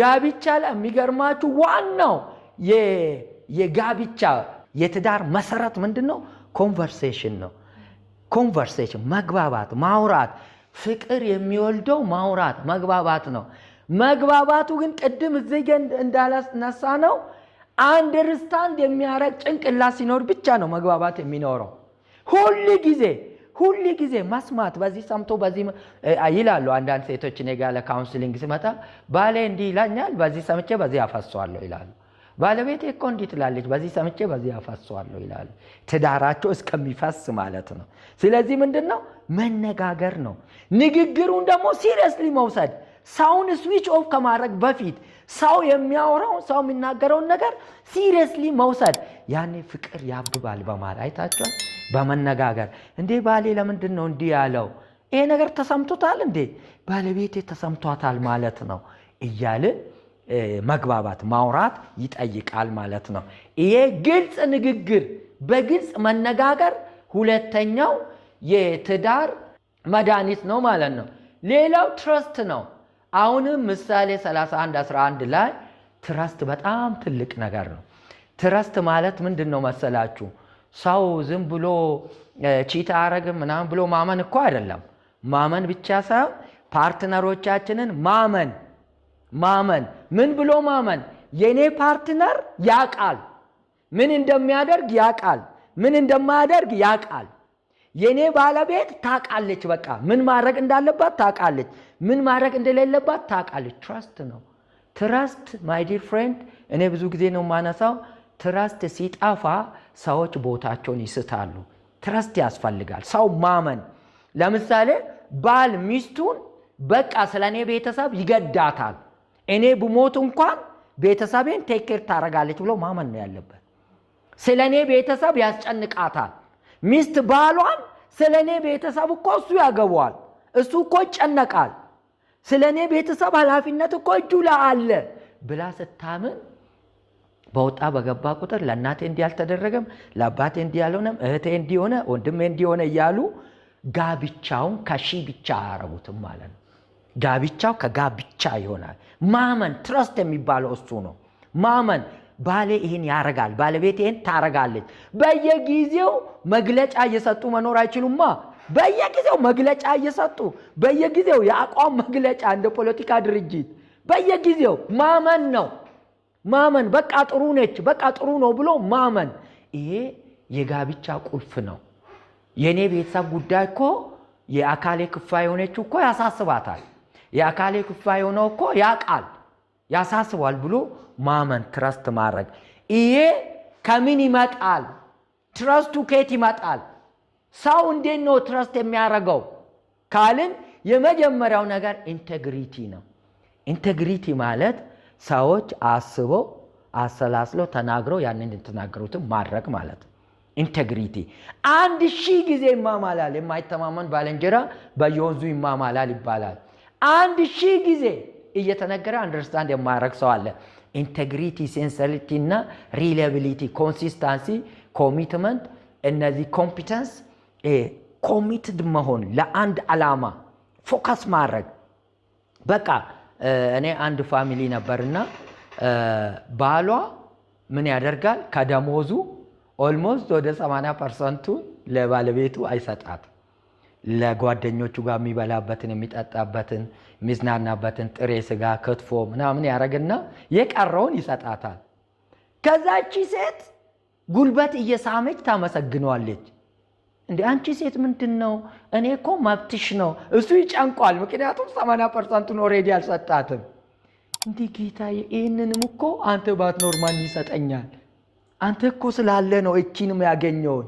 ጋብቻ ላይ የሚገርማችሁ ዋናው የጋብቻ የትዳር መሰረት ምንድን ነው? ኮንቨርሴሽን ነው። ኮንቨርሴሽን መግባባት፣ ማውራት። ፍቅር የሚወልደው ማውራት መግባባት ነው። መግባባቱ ግን ቅድም እዚህ እንዳላነሳ ነው አንደርስታንድ የሚያረግ ጭንቅላት ሲኖር ብቻ ነው መግባባት የሚኖረው ሁል ጊዜ ሁል ጊዜ መስማት በዚህ ሰምቶ በዚህ ይላሉ። አንዳንድ ሴቶች እኔ ጋር ለካውንስሊንግ ሲመጣ ባሌ እንዲህ ይላኛል፣ በዚህ ሰምቼ በዚህ አፈሰዋለሁ ይላሉ። ባለቤቴ እኮ እንዲህ ትላለች፣ በዚህ ሰምቼ በዚህ አፈሰዋለሁ ይላሉ። ትዳራቸው እስከሚፈስ ማለት ነው። ስለዚህ ምንድን ነው መነጋገር ነው። ንግግሩን ደግሞ ሲሪየስሊ መውሰድ፣ ሰውን ስዊች ኦፍ ከማድረግ በፊት ሰው የሚያወራው ሰው የሚናገረውን ነገር ሲሪየስሊ መውሰድ፣ ያኔ ፍቅር ያብባል። በማል አይታችኋል። በመነጋገር እንዴ ባሌ ለምንድን ነው እንዲህ ያለው? ይሄ ነገር ተሰምቶታል እንዴ? ባለቤቴ ተሰምቷታል ማለት ነው እያለ መግባባት ማውራት ይጠይቃል ማለት ነው። ይሄ ግልጽ ንግግር፣ በግልጽ መነጋገር ሁለተኛው የትዳር መድኃኒት ነው ማለት ነው። ሌላው ትረስት ነው። አሁንም ምሳሌ 31 11 ላይ ትረስት በጣም ትልቅ ነገር ነው። ትረስት ማለት ምንድን ነው መሰላችሁ? ሰው ዝም ብሎ ቺታ አረግም ምናምን ብሎ ማመን እኮ አይደለም። ማመን ብቻ ሳይሆን ፓርትነሮቻችንን ማመን ማመን ምን ብሎ ማመን፣ የእኔ ፓርትነር ያቃል ምን እንደሚያደርግ ያቃል፣ ምን እንደማያደርግ ያቃል። የኔ ባለቤት ታውቃለች። በቃ ምን ማድረግ እንዳለባት ታውቃለች፣ ምን ማድረግ እንደሌለባት ታውቃለች። ትራስት ነው። ትራስት ማይ ዲር ፍሬንድ፣ እኔ ብዙ ጊዜ ነው የማነሳው። ትራስት ሲጠፋ ሰዎች ቦታቸውን ይስታሉ። ትረስት ያስፈልጋል፣ ሰው ማመን። ለምሳሌ ባል ሚስቱን በቃ ስለ እኔ ቤተሰብ ይገዳታል፣ እኔ ብሞት እንኳን ቤተሰቤን ቴኬር ታደርጋለች ብሎ ማመን ነው ያለበት። ስለ እኔ ቤተሰብ ያስጨንቃታል ሚስት ባሏን ስለ እኔ ቤተሰብ እኮ እሱ ያገቧል እሱ እኮ ይጨነቃል። ስለ እኔ ቤተሰብ ኃላፊነት እኮ እጁ ላይ አለ ብላ ስታምን በወጣ በገባ ቁጥር ለእናቴ እንዲህ አልተደረገም፣ ለአባቴ እንዲህ አልሆነም፣ እህቴ እንዲሆነ ወንድሜ እንዲሆነ እያሉ ጋብቻውን ከሺ ብቻ አያረጉትም ማለት ነው። ጋብቻው ከጋብቻ ይሆናል። ማመን ትረስት የሚባለው እሱ ነው። ማመን ባሌ ይህን ያረጋል፣ ባለቤት ይህን ታረጋለች። በየጊዜው መግለጫ እየሰጡ መኖር አይችሉማ። በየጊዜው መግለጫ እየሰጡ በየጊዜው የአቋም መግለጫ እንደ ፖለቲካ ድርጅት በየጊዜው ማመን ነው ማመን። በቃ ጥሩ ነች፣ በቃ ጥሩ ነው ብሎ ማመን። ይሄ የጋብቻ ቁልፍ ነው። የእኔ ቤተሰብ ጉዳይ እኮ የአካሌ ክፋ የሆነችው እኮ ያሳስባታል፣ የአካሌ ክፋ የሆነው እኮ ያቃል፣ ያሳስባል ብሎ ማመን ትረስት ማድረግ። ይሄ ከምን ይመጣል? ትረስቱ ከየት ይመጣል? ሰው እንዴት ነው ትረስት የሚያደርገው ካልን የመጀመሪያው ነገር ኢንቴግሪቲ ነው። ኢንቴግሪቲ ማለት ሰዎች አስበው አሰላስለው ተናግረው ያንን የተናገሩትን ማድረግ ማለት ነው። ኢንቴግሪቲ አንድ ሺህ ጊዜ ይማማላል። የማይተማመን ባልንጀራ በየወንዙ ይማማላል ይባላል። አንድ ሺህ ጊዜ እየተነገረ አንደርስታንድ የማያደርግ ሰው አለ። ኢንቴግሪቲ፣ ሴንሰሪቲ እና ሪላብሊቲ ኮንሲስታንሲ፣ ኮሚትመንት እነዚህ ኮምፒተንስ ኮሚትድ መሆን ለአንድ አላማ ፎከስ ማድረግ በቃ እኔ አንድ ፋሚሊ ነበርና ባሏ ምን ያደርጋል ከደሞዙ ኦልሞስት ወደ 80 ፐርሰንቱ ለባለቤቱ አይሰጣት ለጓደኞቹ ጋር የሚበላበትን የሚጠጣበትን የሚዝናናበትን ጥሬ ስጋ ክትፎ ምናምን ያደረግና የቀረውን ይሰጣታል። ከዛቺ ሴት ጉልበት እየሳመች ታመሰግነዋለች። እንደ አንቺ ሴት ምንድን ነው? እኔ እኮ መብትሽ ነው። እሱ ይጨንቋል። ምክንያቱም 80 ፐርሰንቱን ኦልሬዲ አልሰጣትም። እንዲህ ጌታ ይህንንም እኮ አንተ ባትኖር ማን ይሰጠኛል? አንተ እኮ ስላለ ነው እቺንም ያገኘውን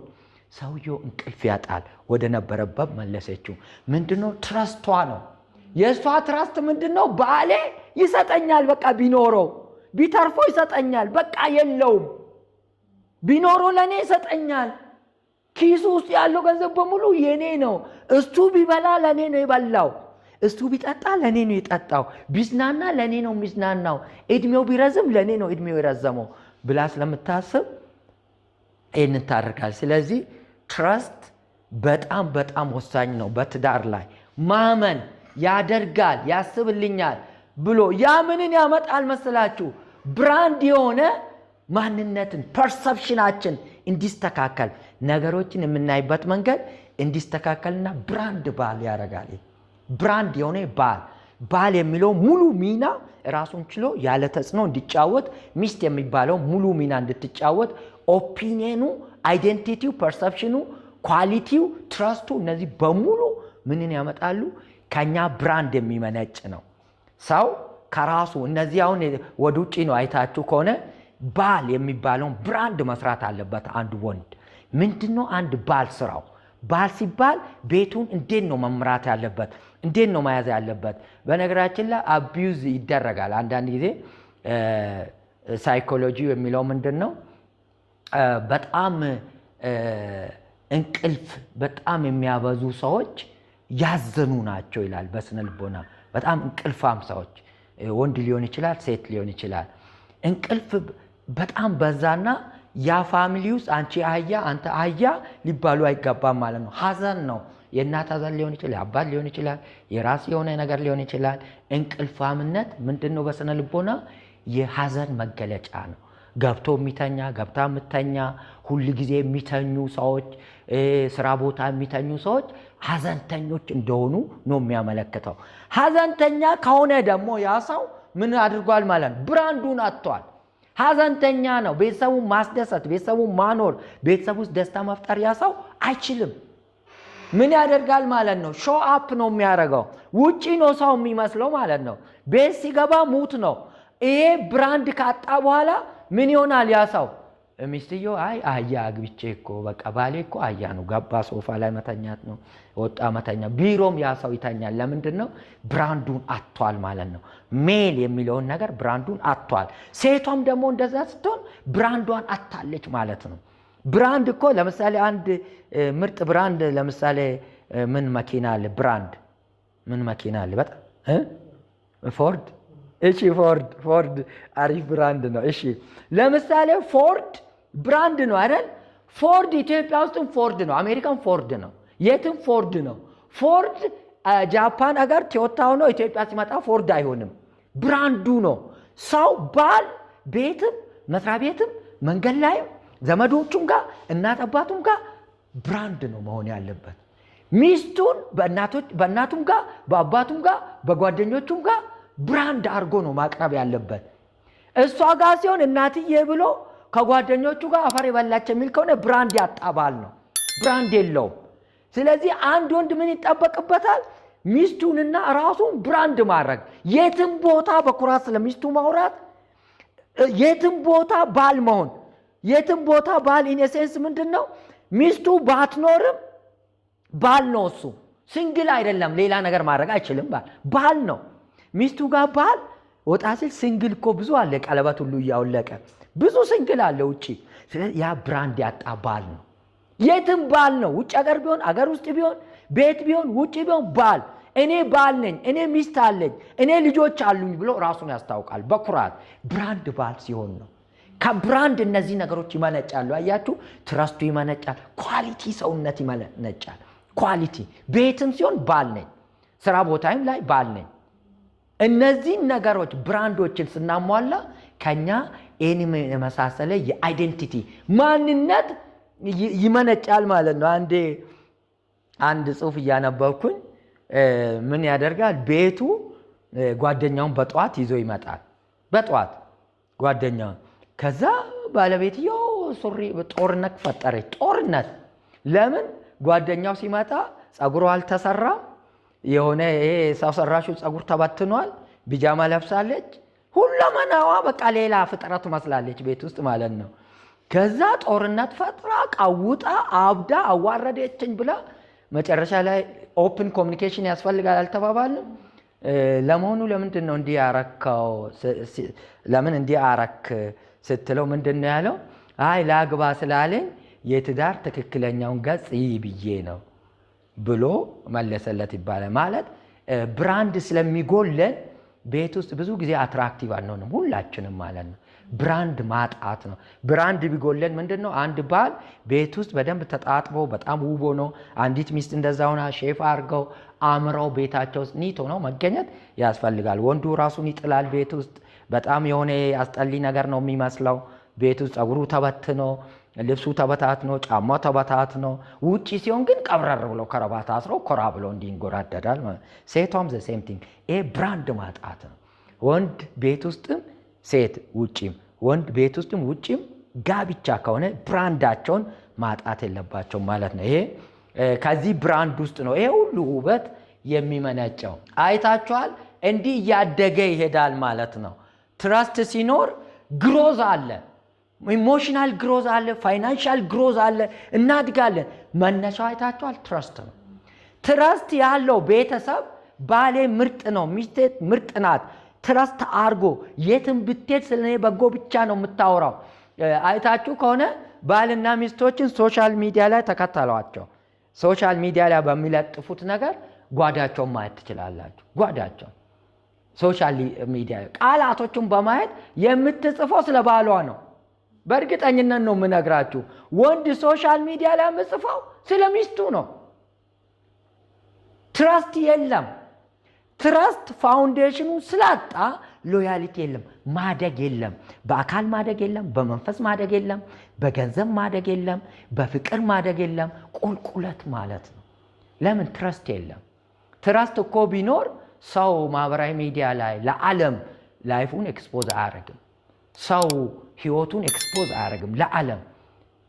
ሰውየው እንቅልፍ ያጣል። ወደ ነበረበት መለሰችው። ምንድነው? ትረስቷ ነው። የእሷ ትረስት ምንድነው? ባሌ ይሰጠኛል፣ በቃ ቢኖረው ቢተርፎ ይሰጠኛል፣ በቃ የለውም ቢኖረው ለእኔ ይሰጠኛል። ኪሱ ውስጥ ያለው ገንዘብ በሙሉ የኔ ነው። እሱ ቢበላ ለእኔ ነው የበላው። እሱ ቢጠጣ ለእኔ ነው የጠጣው። ቢዝናና ለእኔ ነው የሚዝናናው። እድሜው ቢረዝም ለእኔ ነው እድሜው የረዘመው ብላ ስለምታስብ ይህን ታደርጋል። ስለዚህ ትረስት በጣም በጣም ወሳኝ ነው። በትዳር ላይ ማመን ያደርጋል፣ ያስብልኛል ብሎ ያ ምንን ያመጣል መሰላችሁ? ብራንድ የሆነ ማንነትን ፐርሰፕሽናችን እንዲስተካከል ነገሮችን የምናይበት መንገድ እንዲስተካከልና ብራንድ ባል ያደርጋል። ብራንድ የሆነ ባል ባል የሚለው ሙሉ ሚና ራሱን ችሎ ያለ ተጽዕኖ እንዲጫወት ሚስት የሚባለው ሙሉ ሚና እንድትጫወት ኦፒኒየኑ አይዴንቲቲው፣ ፐርሰፕሽኑ፣ ኳሊቲው፣ ትረስቱ እነዚህ በሙሉ ምንን ያመጣሉ? ከኛ ብራንድ የሚመነጭ ነው። ሰው ከራሱ እነዚህ አሁን ወደ ውጭ ነው። አይታችሁ ከሆነ ባል የሚባለውን ብራንድ መስራት አለበት አንድ ወንድ። ምንድን ነው አንድ ባል ስራው? ባል ሲባል ቤቱን እንዴት ነው መምራት ያለበት? እንዴት ነው መያዝ ያለበት? በነገራችን ላይ አቢዩዝ ይደረጋል አንዳንድ ጊዜ ሳይኮሎጂ የሚለው ምንድን ነው በጣም እንቅልፍ በጣም የሚያበዙ ሰዎች ያዘኑ ናቸው ይላል። በስነ ልቦና በጣም እንቅልፋም ሰዎች ወንድ ሊሆን ይችላል፣ ሴት ሊሆን ይችላል። እንቅልፍ በጣም በዛና ያ ፋሚሊ ውስጥ አንቺ አህያ አንተ አህያ ሊባሉ አይገባም ማለት ነው። ሀዘን ነው። የእናት ሀዘን ሊሆን ይችላል፣ የአባት ሊሆን ይችላል፣ የራስ የሆነ ነገር ሊሆን ይችላል። እንቅልፋምነት ምንድን ነው? በስነ ልቦና የሀዘን መገለጫ ነው። ገብቶ የሚተኛ ገብታ የምተኛ ሁል ጊዜ የሚተኙ ሰዎች፣ ስራ ቦታ የሚተኙ ሰዎች ሀዘንተኞች እንደሆኑ ነው የሚያመለክተው። ሀዘንተኛ ከሆነ ደግሞ ያ ሰው ምን አድርጓል ማለት ነው? ብራንዱን አጥቷል። ሀዘንተኛ ነው። ቤተሰቡን ማስደሰት፣ ቤተሰቡን ማኖር፣ ቤተሰብ ውስጥ ደስታ መፍጠር ያ ሰው አይችልም። ምን ያደርጋል ማለት ነው? ሾ አፕ ነው የሚያደርገው። ውጪ ነው ሰው የሚመስለው ማለት ነው። ቤት ሲገባ ሙት ነው። ይሄ ብራንድ ካጣ በኋላ ምን ይሆናል ያ ሰው? ሚስትዮ አይ አያ አግብቼ እኮ በቃ ባሌ እኮ አያ ነው፣ ገባ ሶፋ ላይ መተኛት ነው፣ ወጣ መተኛ፣ ቢሮም ያ ሰው ይተኛል። ለምንድን ነው? ብራንዱን አጥቷል ማለት ነው። ሜል የሚለውን ነገር ብራንዱን አጥቷል። ሴቷም ደግሞ እንደዛ ስትሆን ብራንዷን አታለች ማለት ነው። ብራንድ እኮ ለምሳሌ አንድ ምርጥ ብራንድ ለምሳሌ ምን መኪና አለ? ብራንድ ምን መኪና አለ? በጣም ፎርድ እሺ ፎርድ ፎርድ አሪፍ ብራንድ ነው። እሺ ለምሳሌ ፎርድ ብራንድ ነው አይደል? ፎርድ ኢትዮጵያ ውስጥም ፎርድ ነው፣ አሜሪካን ፎርድ ነው፣ የትም ፎርድ ነው። ፎርድ ጃፓን አገር ቶዮታ ሆኖ ኢትዮጵያ ሲመጣ ፎርድ አይሆንም፣ ብራንዱ ነው። ሰው ባል ቤትም መስሪያ ቤትም መንገድ ላይም ዘመዶቹም ጋር እናት አባቱም ጋር ብራንድ ነው መሆን ያለበት። ሚስቱን በእናቱም ጋር በአባቱም ጋር በጓደኞቹም ጋር ብራንድ አድርጎ ነው ማቅረብ ያለበት። እሷ ጋር ሲሆን እናትዬ ብሎ ከጓደኞቹ ጋር አፈር የበላች የሚል ከሆነ ብራንድ ያጣ ባል ነው፣ ብራንድ የለውም። ስለዚህ አንድ ወንድ ምን ይጠበቅበታል? ሚስቱንና ራሱን ብራንድ ማድረግ፣ የትም ቦታ በኩራት ስለ ሚስቱ ማውራት፣ የትም ቦታ ባል መሆን። የትም ቦታ ባል ኢኔሴንስ ምንድን ነው? ሚስቱ ባትኖርም ባል ነው እሱ። ሲንግል አይደለም፣ ሌላ ነገር ማድረግ አይችልም። ባል ባል ነው። ሚስቱ ጋር ባል ወጣ ሲል ስንግል እኮ ብዙ አለ። ቀለበት ሁሉ እያወለቀ ብዙ ስንግል አለ ውጭ። ስለዚህ ያ ብራንድ ያጣ ባል ነው። የትም ባል ነው። ውጭ አገር ቢሆን አገር ውስጥ ቢሆን ቤት ቢሆን ውጭ ቢሆን ባል እኔ ባል ነኝ፣ እኔ ሚስት አለኝ፣ እኔ ልጆች አሉኝ ብሎ ራሱን ያስታውቃል በኩራት ብራንድ ባል ሲሆን ነው። ከብራንድ እነዚህ ነገሮች ይመነጫሉ። አያችሁ፣ ትረስቱ ይመነጫል፣ ኳሊቲ ሰውነት ይመነጫል። ኳሊቲ ቤትም ሲሆን ባል ነኝ፣ ስራ ቦታይም ላይ ባል ነኝ እነዚህን ነገሮች ብራንዶችን ስናሟላ ከኛ ይህን የመሳሰለ የአይዴንቲቲ ማንነት ይመነጫል ማለት ነው። አንዴ አንድ ጽሁፍ እያነበብኩኝ ምን ያደርጋል? ቤቱ ጓደኛውን በጠዋት ይዞ ይመጣል። በጠዋት ጓደኛውን ከዛ ባለቤትየው ሱሪ ጦርነት ፈጠረች። ጦርነት ለምን? ጓደኛው ሲመጣ ፀጉሯ አልተሰራም የሆነ ይሄ ሰው ሰራሹ ጸጉር ተበትኗል። ቢጃማ ለብሳለች። ሁለመናዋ በቃ ሌላ ፍጥረት መስላለች ቤት ውስጥ ማለት ነው። ከዛ ጦርነት ፈጥራ ቀውጣ አብዳ አዋረደችኝ ብላ መጨረሻ ላይ ኦፕን ኮሚኒኬሽን ያስፈልጋል አልተባባልም? ለመሆኑ ለምንድን ነው እንዲህ ያረከው? ለምን እንዲህ አረክ ስትለው ምንድን ነው ያለው? አይ ላግባ ስላለኝ የትዳር ትክክለኛውን ገጽ ይህ ብዬ ነው ብሎ መለሰለት ይባላል። ማለት ብራንድ ስለሚጎለን ቤት ውስጥ ብዙ ጊዜ አትራክቲቭ አንሆንም፣ ሁላችንም ማለት ነው። ብራንድ ማጣት ነው። ብራንድ ቢጎለን ምንድን ነው? አንድ ባል ቤት ውስጥ በደንብ ተጣጥቦ በጣም ውቦ ነው። አንዲት ሚስት እንደዛ ሆና ሼፍ አድርገው አምረው ቤታቸው ውስጥ ኒት ሆነው መገኘት ያስፈልጋል። ወንዱ ራሱን ይጥላል። ቤት ውስጥ በጣም የሆነ አስጠሊ ነገር ነው የሚመስለው። ቤት ውስጥ ጸጉሩ ተበትኖ ልብሱ ተበታት ነው፣ ጫማ ተበታት ነው። ውጭ ሲሆን ግን ቀብረር ብሎ ከረባት አስሮ ኮራ ብሎ እንዲንጎራደዳል። ሴቷም ዘ ሴም ቲንግ። ይሄ ብራንድ ማጣት ነው። ወንድ ቤት ውስጥም ሴት ውጭም፣ ወንድ ቤት ውስጥም ውጭም ጋብቻ ከሆነ ብራንዳቸውን ማጣት የለባቸው ማለት ነው። ይሄ ከዚህ ብራንድ ውስጥ ነው ይሄ ሁሉ ውበት የሚመነጨው። አይታችኋል። እንዲህ እያደገ ይሄዳል ማለት ነው። ትረስት ሲኖር ግሮዝ አለ። ኢሞሽናል ግሮዝ አለ፣ ፋይናንሻል ግሮዝ አለ። እናድጋለን። መነሻው አይታችኋል። ትረስት ነው። ትረስት ያለው ቤተሰብ ባሌ ምርጥ ነው፣ ሚስቴት ምርጥ ናት፣ ትረስት አርጎ የትም ብትሄድ ስለ እኔ በጎ ብቻ ነው የምታወራው። አይታችሁ ከሆነ ባልና ሚስቶችን ሶሻል ሚዲያ ላይ ተከተሏቸው። ሶሻል ሚዲያ ላይ በሚለጥፉት ነገር ጓዳቸውን ማየት ትችላላችሁ። ጓዳቸው ሶሻል ሚዲያ ቃላቶቹን በማየት የምትጽፈው ስለ ባሏ ነው። በእርግጠኝነት ነው የምነግራችሁ። ወንድ ሶሻል ሚዲያ ላይ የምጽፈው ስለ ሚስቱ ነው። ትረስት የለም። ትረስት ፋውንዴሽኑ ስላጣ ሎያሊቲ የለም፣ ማደግ የለም። በአካል ማደግ የለም፣ በመንፈስ ማደግ የለም፣ በገንዘብ ማደግ የለም፣ በፍቅር ማደግ የለም። ቁልቁለት ማለት ነው። ለምን ትረስት የለም? ትረስት እኮ ቢኖር ሰው ማህበራዊ ሚዲያ ላይ ለዓለም ላይፉን ኤክስፖዝ አያደርግም። ሰው ህይወቱን ኤክስፖዝ አያደርግም ለዓለም።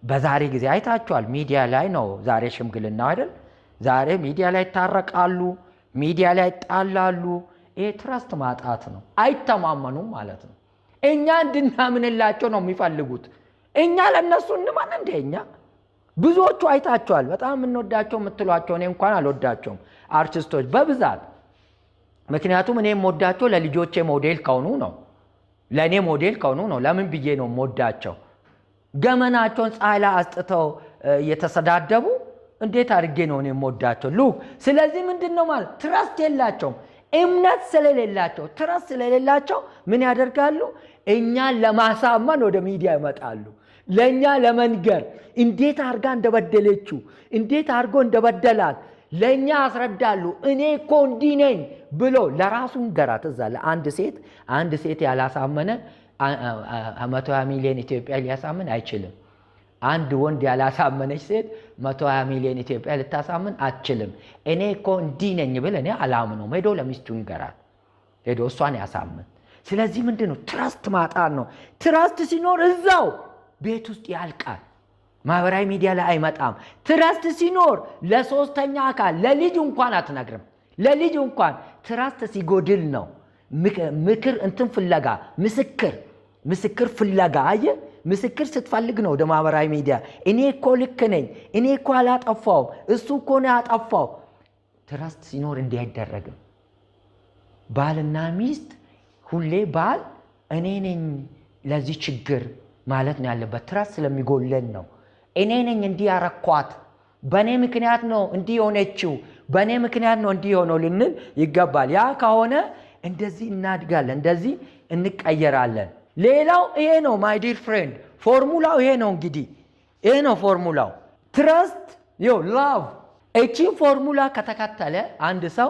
በዛሬ ጊዜ አይታችኋል። ሚዲያ ላይ ነው ዛሬ ሽምግልና አይደል? ዛሬ ሚዲያ ላይ ይታረቃሉ፣ ሚዲያ ላይ ይጣላሉ። ይህ ትረስት ማጣት ነው። አይተማመኑም ማለት ነው። እኛ እንድናምንላቸው ነው የሚፈልጉት። እኛ ለእነሱ እንማን እንደ እኛ ብዙዎቹ አይታችኋል። በጣም የምንወዳቸው የምትሏቸው እኔ እንኳን አልወዳቸውም አርቲስቶች በብዛት ምክንያቱም እኔ የምወዳቸው ለልጆቼ ሞዴል ከሆኑ ነው ለእኔ ሞዴል ከሆኑ ነው። ለምን ብዬ ነው ሞዳቸው? ገመናቸውን ፀሐይ ላይ አስጥተው የተሰዳደቡ እንዴት አድርጌ ነው እኔ ሞዳቸው? ሉክ ስለዚህ ምንድን ነው ማለት ትረስት የላቸውም። እምነት ስለሌላቸው ትረስት ስለሌላቸው ምን ያደርጋሉ? እኛን ለማሳመን ወደ ሚዲያ ይመጣሉ። ለእኛ ለመንገር እንዴት አድርጋ እንደበደለችው እንዴት አድርጎ እንደበደላት ለእኛ አስረዳሉ። እኔ እኮ እንዲህ ነኝ ብሎ ለራሱ ንገራት። እዛ ለአንድ ሴት አንድ ሴት ያላሳመነ መቶ ሀያ ሚሊዮን ኢትዮጵያ ሊያሳምን አይችልም። አንድ ወንድ ያላሳመነች ሴት መቶ ሀያ ሚሊዮን ኢትዮጵያ ልታሳምን አትችልም። እኔ እኮ እንዲህ ነኝ ብል እኔ አላምነውም። ሄዶ ለሚስቱ ንገራት፣ ሄዶ እሷን ያሳምን። ስለዚህ ምንድን ነው ትራስት ማጣት ነው። ትራስት ሲኖር እዛው ቤት ውስጥ ያልቃል። ማህበራዊ ሚዲያ ላይ አይመጣም። ትረስት ሲኖር ለሶስተኛ አካል ለልጅ እንኳን አትነግርም። ለልጅ እንኳን ትረስት ሲጎድል ነው ምክር እንትን ፍለጋ ምስክር ምስክር ፍለጋ አየ ምስክር ስትፈልግ ነው ወደ ማህበራዊ ሚዲያ። እኔ እኮ ልክ ነኝ፣ እኔ እኮ አላጠፋውም፣ እሱ እኮ ነው ያጠፋው። ትረስት ሲኖር እንዲህ አይደረግም። ባልና ሚስት ሁሌ ባል እኔ ነኝ ለዚህ ችግር ማለት ነው ያለበት። ትረስት ስለሚጎለን ነው። እኔ ነኝ እንዲያረኳት በእኔ ምክንያት ነው እንዲህ የሆነችው፣ በእኔ ምክንያት ነው እንዲህ የሆነው ልንል ይገባል። ያ ከሆነ እንደዚህ እናድጋለን፣ እንደዚህ እንቀየራለን። ሌላው ይሄ ነው ማይ ዲር ፍሬንድ፣ ፎርሙላው ይሄ ነው እንግዲህ፣ ይሄ ነው ፎርሙላው ትረስት ዮ ላቭ። እቺን ፎርሙላ ከተከተለ አንድ ሰው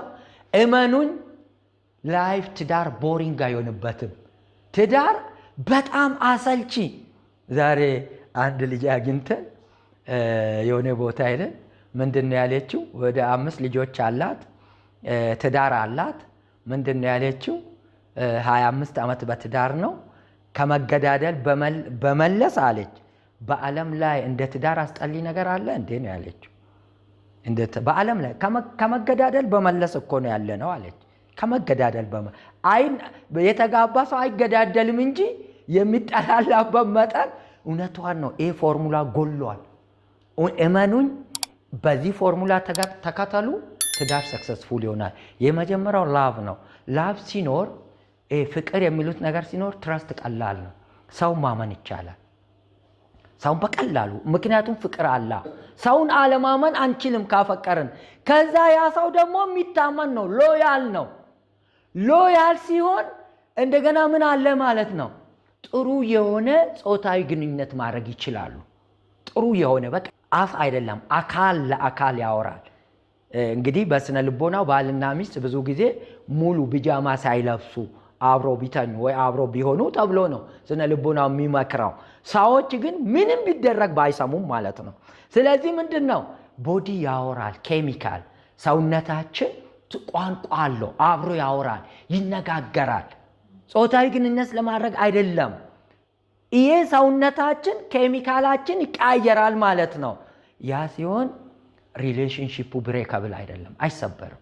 እመኑኝ፣ ላይፍ ትዳር ቦሪንግ አይሆንበትም። ትዳር በጣም አሰልቺ ዛሬ አንድ ልጅ አግኝተን የሆነ ቦታ ሄደን ምንድን ነው ያለችው? ወደ አምስት ልጆች አላት፣ ትዳር አላት። ምንድን ነው ያለችው? ሀያ አምስት ዓመት በትዳር ነው ከመገዳደል በመለስ አለች። በዓለም ላይ እንደ ትዳር አስጠሊ ነገር አለ እንዴ ነው ያለችው። በዓለም ላይ ከመገዳደል በመለስ እኮ ነው ያለ ነው አለች። ከመገዳደል የተጋባ ሰው አይገዳደልም እንጂ የሚጠላላበት መጠን እውነቷን ነው። ይሄ ፎርሙላ ጎሏል። እመኑኝ፣ በዚህ ፎርሙላ ተከተሉ። ትዳር ሰክሰስፉል ይሆናል። የመጀመሪያው ላቭ ነው። ላቭ ሲኖር ፍቅር የሚሉት ነገር ሲኖር ትረስት ቀላል ነው። ሰው ማመን ይቻላል። ሰውን በቀላሉ ምክንያቱም ፍቅር አላ ሰውን አለማመን አንችልም ካፈቀርን። ከዛ ያ ሰው ደግሞ የሚታመን ነው፣ ሎያል ነው። ሎያል ሲሆን እንደገና ምን አለ ማለት ነው ጥሩ የሆነ ጾታዊ ግንኙነት ማድረግ ይችላሉ። ጥሩ የሆነ በቃ አፍ አይደለም አካል ለአካል ያወራል። እንግዲህ በስነ ልቦናው ባልና ሚስት ብዙ ጊዜ ሙሉ ቢጃማ ሳይለብሱ አብሮ ቢተኙ ወይ አብሮ ቢሆኑ ተብሎ ነው ስነ ልቦናው የሚመክረው። ሰዎች ግን ምንም ቢደረግ ባይሰሙም ማለት ነው። ስለዚህ ምንድን ነው ቦዲ ያወራል፣ ኬሚካል ሰውነታችን ቋንቋ አለው፣ አብሮ ያወራል፣ ይነጋገራል። ጾታዊ ግንኙነት ለማድረግ አይደለም ይሄ ሰውነታችን ኬሚካላችን ይቀያየራል ማለት ነው። ያ ሲሆን ሪሌሽንሽፑ ብሬከብል አይደለም፣ አይሰበርም።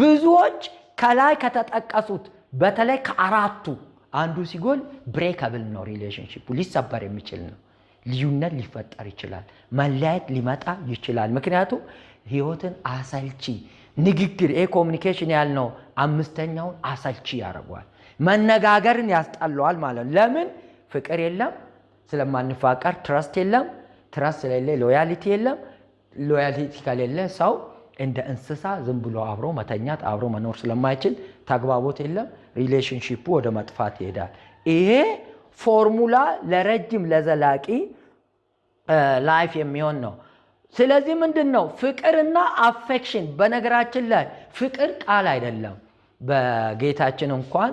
ብዙዎች ከላይ ከተጠቀሱት በተለይ ከአራቱ አንዱ ሲጎል ብሬከብል ነው ሪሌሽንሺፑ፣ ሊሰበር የሚችል ነው። ልዩነት ሊፈጠር ይችላል። መለያየት ሊመጣ ይችላል። ምክንያቱም ህይወትን አሰልቺ ንግግር ይሄ ኮሚኒኬሽን ያልነው አምስተኛውን አሰልቺ ያደርገዋል። መነጋገርን ያስጠለዋል ማለት ለምን ፍቅር የለም፣ ስለማንፋቀር ትረስት የለም፣ ትረስት ስለሌለ ሎያሊቲ የለም፣ ሎያሊቲ ከሌለ ሰው እንደ እንስሳ ዝም ብሎ አብሮ መተኛት አብሮ መኖር ስለማይችል ተግባቦት የለም፣ ሪሌሽንሺፑ ወደ መጥፋት ይሄዳል። ይሄ ፎርሙላ ለረጅም ለዘላቂ ላይፍ የሚሆን ነው። ስለዚህ ምንድን ነው ፍቅርና አፌክሽን? በነገራችን ላይ ፍቅር ቃል አይደለም። በጌታችን እንኳን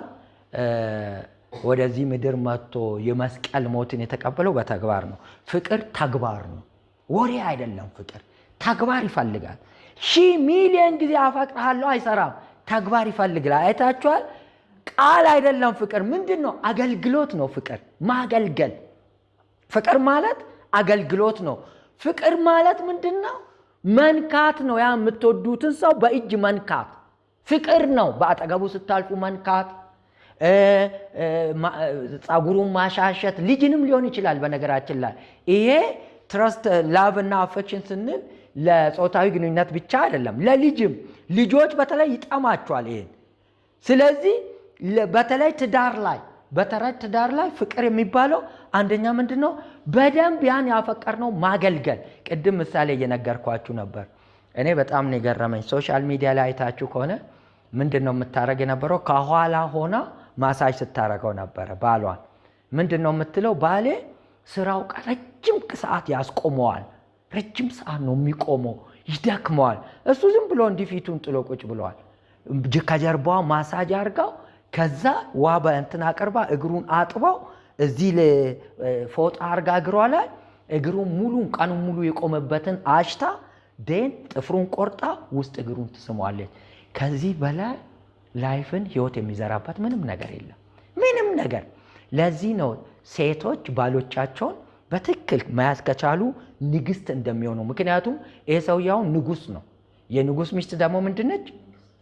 ወደዚህ ምድር መጥቶ የመስቀል ሞትን የተቀበለው በተግባር ነው። ፍቅር ተግባር ነው፣ ወሬ አይደለም። ፍቅር ተግባር ይፈልጋል። ሺህ ሚሊዮን ጊዜ አፈቅርሃለሁ አይሰራም። ተግባር ይፈልግል አይታችኋል። ቃል አይደለም። ፍቅር ምንድን ነው? አገልግሎት ነው። ፍቅር ማገልገል፣ ፍቅር ማለት አገልግሎት ነው። ፍቅር ማለት ምንድን ነው? መንካት ነው። ያ የምትወዱትን ሰው በእጅ መንካት ፍቅር ነው። በአጠገቡ ስታልፉ መንካት ጸጉሩን ማሻሸት ልጅንም ሊሆን ይችላል። በነገራችን ላይ ይሄ ትረስት ላቭ እና አፌክሽን ስንል ለጾታዊ ግንኙነት ብቻ አይደለም፣ ለልጅም ልጆች በተለይ ይጠማቸዋል ይሄን። ስለዚህ በተለይ ትዳር ላይ በተረት ትዳር ላይ ፍቅር የሚባለው አንደኛ ምንድን ነው? በደንብ ያን ያፈቀርነው ማገልገል። ቅድም ምሳሌ እየነገርኳችሁ ነበር። እኔ በጣም ነው የገረመኝ። ሶሻል ሚዲያ ላይ አይታችሁ ከሆነ ምንድን ነው የምታደርግ የነበረው ከኋላ ሆና ማሳጅ ስታረገው ነበረ ባሏን። ምንድን ነው የምትለው? ባሌ ስራው ረጅም ሰዓት ያስቆመዋል። ረጅም ሰዓት ነው የሚቆመው፣ ይደክመዋል። እሱ ዝም ብሎ እንዲህ ፊቱን ጥሎ ቁጭ ብለዋል። ከጀርባዋ ማሳጅ አድርጋው፣ ከዛ ውሃ በእንትን አቅርባ እግሩን አጥባው፣ እዚህ ፎጣ አርጋ እግሯ ላይ እግሩን ሙሉን ቀኑን ሙሉ የቆመበትን አሽታ ዴን ጥፍሩን ቆርጣ ውስጥ እግሩን ትስሟለች። ከዚህ በላይ ላይፍን ህይወት የሚዘራበት ምንም ነገር የለም። ምንም ነገር። ለዚህ ነው ሴቶች ባሎቻቸውን በትክክል መያዝ ከቻሉ ንግስት እንደሚሆኑ። ምክንያቱም ይህ ሰውየው ንጉስ ነው። የንጉስ ሚስት ደግሞ ምንድነች?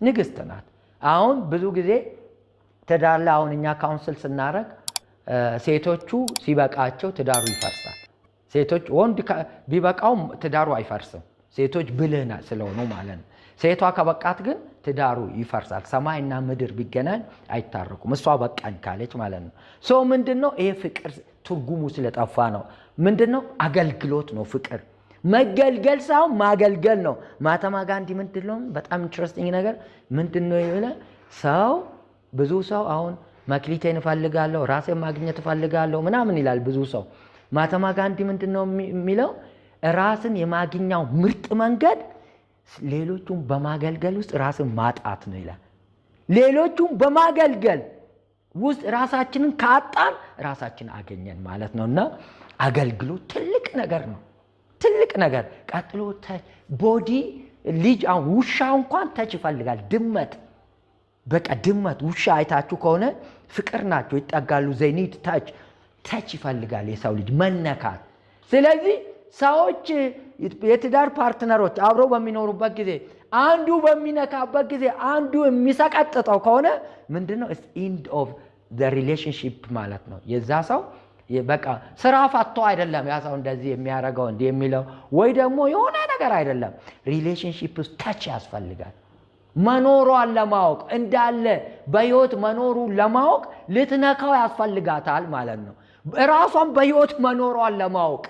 ንግስት ናት። አሁን ብዙ ጊዜ ትዳር ላይ አሁን እኛ ካውንስል ስናደርግ ሴቶቹ ሲበቃቸው ትዳሩ ይፈርሳል። ሴቶች ወንድ ቢበቃውም ትዳሩ አይፈርስም። ሴቶች ብልህ ስለሆኑ ማለት ነው። ሴቷ ከበቃት ግን ትዳሩ ይፈርሳል። ሰማይና ምድር ቢገናኝ አይታረቁም። እሷ በቃኝ ካለች ማለት ነው። ሶ ምንድን ነው ይሄ ፍቅር ትርጉሙ ስለጠፋ ነው። ምንድን ነው አገልግሎት ነው ፍቅር መገልገል ሳይሆን ማገልገል ነው። ማተማ ጋንዲ ምንድን ነው በጣም ኢንትረስቲንግ ነገር ምንድን ነው ይለ ሰው ብዙ ሰው አሁን መክሊቴን እፈልጋለሁ ራሴ ማግኘት እፈልጋለሁ ምናምን ይላል ብዙ ሰው። ማተማ ጋንዲ ምንድን ነው የሚለው ራስን የማግኛው ምርጥ መንገድ ሌሎቹን በማገልገል ውስጥ ራስን ማጣት ነው ይላል። ሌሎቹን በማገልገል ውስጥ ራሳችንን ካጣን ራሳችን አገኘን ማለት ነው እና አገልግሎት ትልቅ ነገር ነው። ትልቅ ነገር ቀጥሎ ቦዲ ልጅ አሁን ውሻ እንኳን ተች ይፈልጋል። ድመት በቃ ድመት ውሻ አይታችሁ ከሆነ ፍቅር ናቸው፣ ይጠጋሉ። ዘይኒድ ተች ተች ይፈልጋል የሰው ልጅ መነካት። ስለዚህ ሰዎች የትዳር ፓርትነሮች አብረው በሚኖሩበት ጊዜ አንዱ በሚነካበት ጊዜ አንዱ የሚሰቀጥጠው ከሆነ ምንድን ነው ኢንድ ኦፍ ሪሌሽንሽፕ ማለት ነው። የዛ ሰው በቃ ስራ ፈቶ አይደለም ያ ሰው እንደዚህ የሚያደርገው እንዲህ የሚለው ወይ ደግሞ የሆነ ነገር አይደለም። ሪሌሽንሽፕ ተች ያስፈልጋል። መኖሯን ለማወቅ እንዳለ በህይወት መኖሩን ለማወቅ ልትነካው ያስፈልጋታል ማለት ነው። ራሷን በህይወት መኖሯን ለማወቅ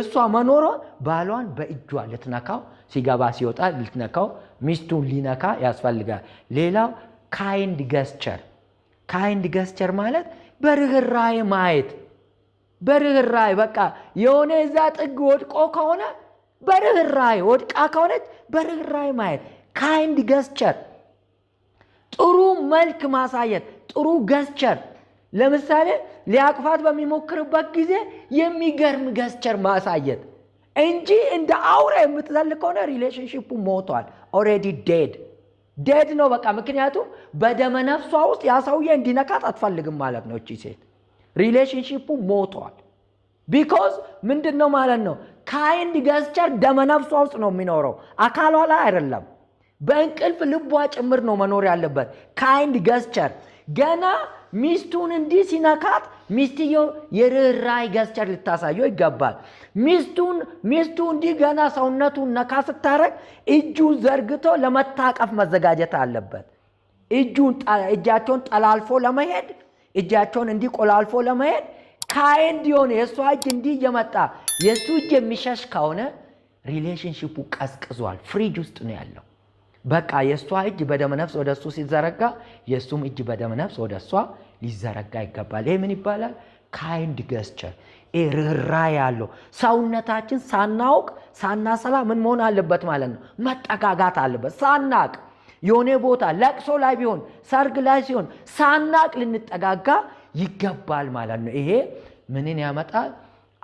እሷ መኖሯ ባሏን በእጇ ልትነካው ሲገባ ሲወጣ ልትነካው ሚስቱን ሊነካ ያስፈልጋል። ሌላው ካይንድ ገስቸር፣ ካይንድ ገስቸር ማለት በርህራዬ ማየት በርህራዬ በቃ የሆነ እዛ ጥግ ወድቆ ከሆነ በርህራዬ ወድቃ ከሆነች በርህራዬ ማየት ካይንድ ገስቸር፣ ጥሩ መልክ ማሳየት ጥሩ ገስቸር ለምሳሌ ሊያቅፋት በሚሞክርበት ጊዜ የሚገርም ገስቸር ማሳየት እንጂ እንደ አውራ የምትዘል ከሆነ ሪሌሽንሽፑ ሞቷል። ኦልሬዲ ዴድ ዴድ ነው በቃ። ምክንያቱም በደመነፍሷ ውስጥ ያ ሰውዬ እንዲነካት አትፈልግም ማለት ነው። እቺ ሴት ሪሌሽንሽፑ ሞቷል። ቢኮዝ ምንድን ነው ማለት ነው ካይንድ ገስቸር ደመነፍሷ ውስጥ ነው የሚኖረው፣ አካሏ ላይ አይደለም። በእንቅልፍ ልቧ ጭምር ነው መኖር ያለበት ካይንድ ገስቸር ገና ሚስቱን እንዲህ ሲነካት ሚስትየው የርኅራኄ ገስቸር ልታሳየው ይገባል። ሚስቱን ሚስቱ እንዲህ ገና ሰውነቱን ነካ ስታረግ እጁን ዘርግቶ ለመታቀፍ መዘጋጀት አለበት። እጁን እጃቸውን ጠላልፎ ለመሄድ እጃቸውን እንዲህ ቆላልፎ ለመሄድ ካይ የሆነ የእሷ እጅ እንዲህ እየመጣ የእሱ እጅ የሚሸሽ ከሆነ ሪሌሽንሽፑ ቀዝቅዟል። ፍሪጅ ውስጥ ነው ያለው። በቃ የእሷ እጅ በደመ ነፍስ ወደ እሱ ሲዘረጋ የእሱም እጅ በደመ ነፍስ ወደ እሷ ሊዘረጋ ይገባል። ይህ ምን ይባላል? ካይንድ ገስቸር ርኅራ ያለው ሰውነታችን ሳናውቅ ሳናሰላ ምን መሆን አለበት ማለት ነው፣ መጠጋጋት አለበት። ሳናቅ የሆነ ቦታ ለቅሶ ላይ ቢሆን ሰርግ ላይ ሲሆን ሳናቅ ልንጠጋጋ ይገባል ማለት ነው። ይሄ ምንን ያመጣል?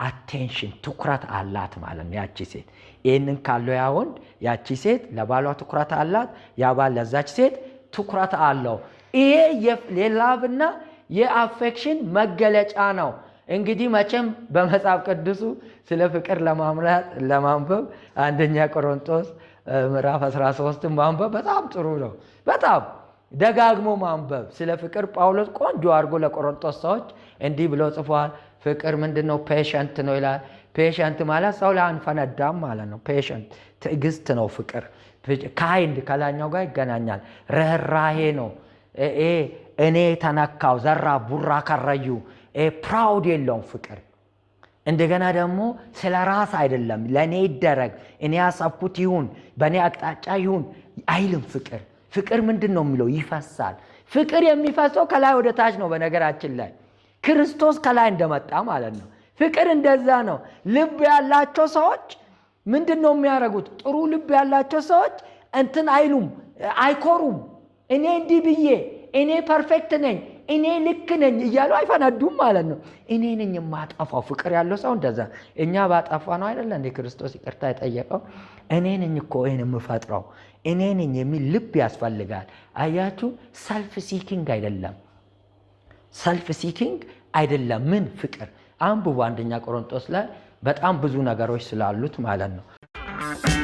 አቴንሽን ትኩረት አላት ማለት ነው ያቺ ሴት ይህንን ካለው ያ ወንድ ያቺ ሴት ለባሏ ትኩረት አላት፣ ያ ባል ለዛች ሴት ትኩረት አለው። ይሄ የላቭና የአፌክሽን መገለጫ ነው። እንግዲህ መቼም በመጽሐፍ ቅዱሱ ስለ ፍቅር ለማንበብ አንደኛ ቆሮንቶስ ምዕራፍ 13 ማንበብ በጣም ጥሩ ነው። በጣም ደጋግሞ ማንበብ ስለ ፍቅር ጳውሎስ ቆንጆ አድርጎ ለቆሮንቶስ ሰዎች እንዲህ ብሎ ጽፏል። ፍቅር ምንድን ነው? ፔሸንት ነው ይላል ፔሽንት ማለት ሰው ላይ አንፈነዳም ማለት ነው። ፔሽንት ትዕግስት ነው። ፍቅር ካይንድ ከላኛው ጋር ይገናኛል። ርኅራሄ ነው። እኔ ተነካው ዘራ ቡራ ከረዩ ፕራውድ የለውም ፍቅር እንደገና ደግሞ ስለ ራስ አይደለም። ለእኔ ይደረግ፣ እኔ ያሰብኩት ይሁን፣ በእኔ አቅጣጫ ይሁን አይልም። ፍቅር ፍቅር ምንድን ነው የሚለው? ይፈሳል። ፍቅር የሚፈሰው ከላይ ወደ ታች ነው። በነገራችን ላይ ክርስቶስ ከላይ እንደመጣ ማለት ነው። ፍቅር እንደዛ ነው። ልብ ያላቸው ሰዎች ምንድን ነው የሚያደርጉት? ጥሩ ልብ ያላቸው ሰዎች እንትን አይሉም፣ አይኮሩም። እኔ እንዲህ ብዬ እኔ ፐርፌክት ነኝ፣ እኔ ልክ ነኝ እያሉ አይፈነዱም ማለት ነው። እኔ ነኝ የማጠፋው። ፍቅር ያለው ሰው እንደዛ እኛ ባጠፋ ነው አይደለ እንደ ክርስቶስ ይቅርታ የጠየቀው እኔ ነኝ እኮ ይህን የምፈጥረው እኔ ነኝ የሚል ልብ ያስፈልጋል። አያችሁ፣ ሰልፍ ሲኪንግ አይደለም፣ ሰልፍ ሲኪንግ አይደለም። ምን ፍቅር አንብቡ። አንደኛ ቆሮንጦስ ላይ በጣም ብዙ ነገሮች ስላሉት ማለት ነው።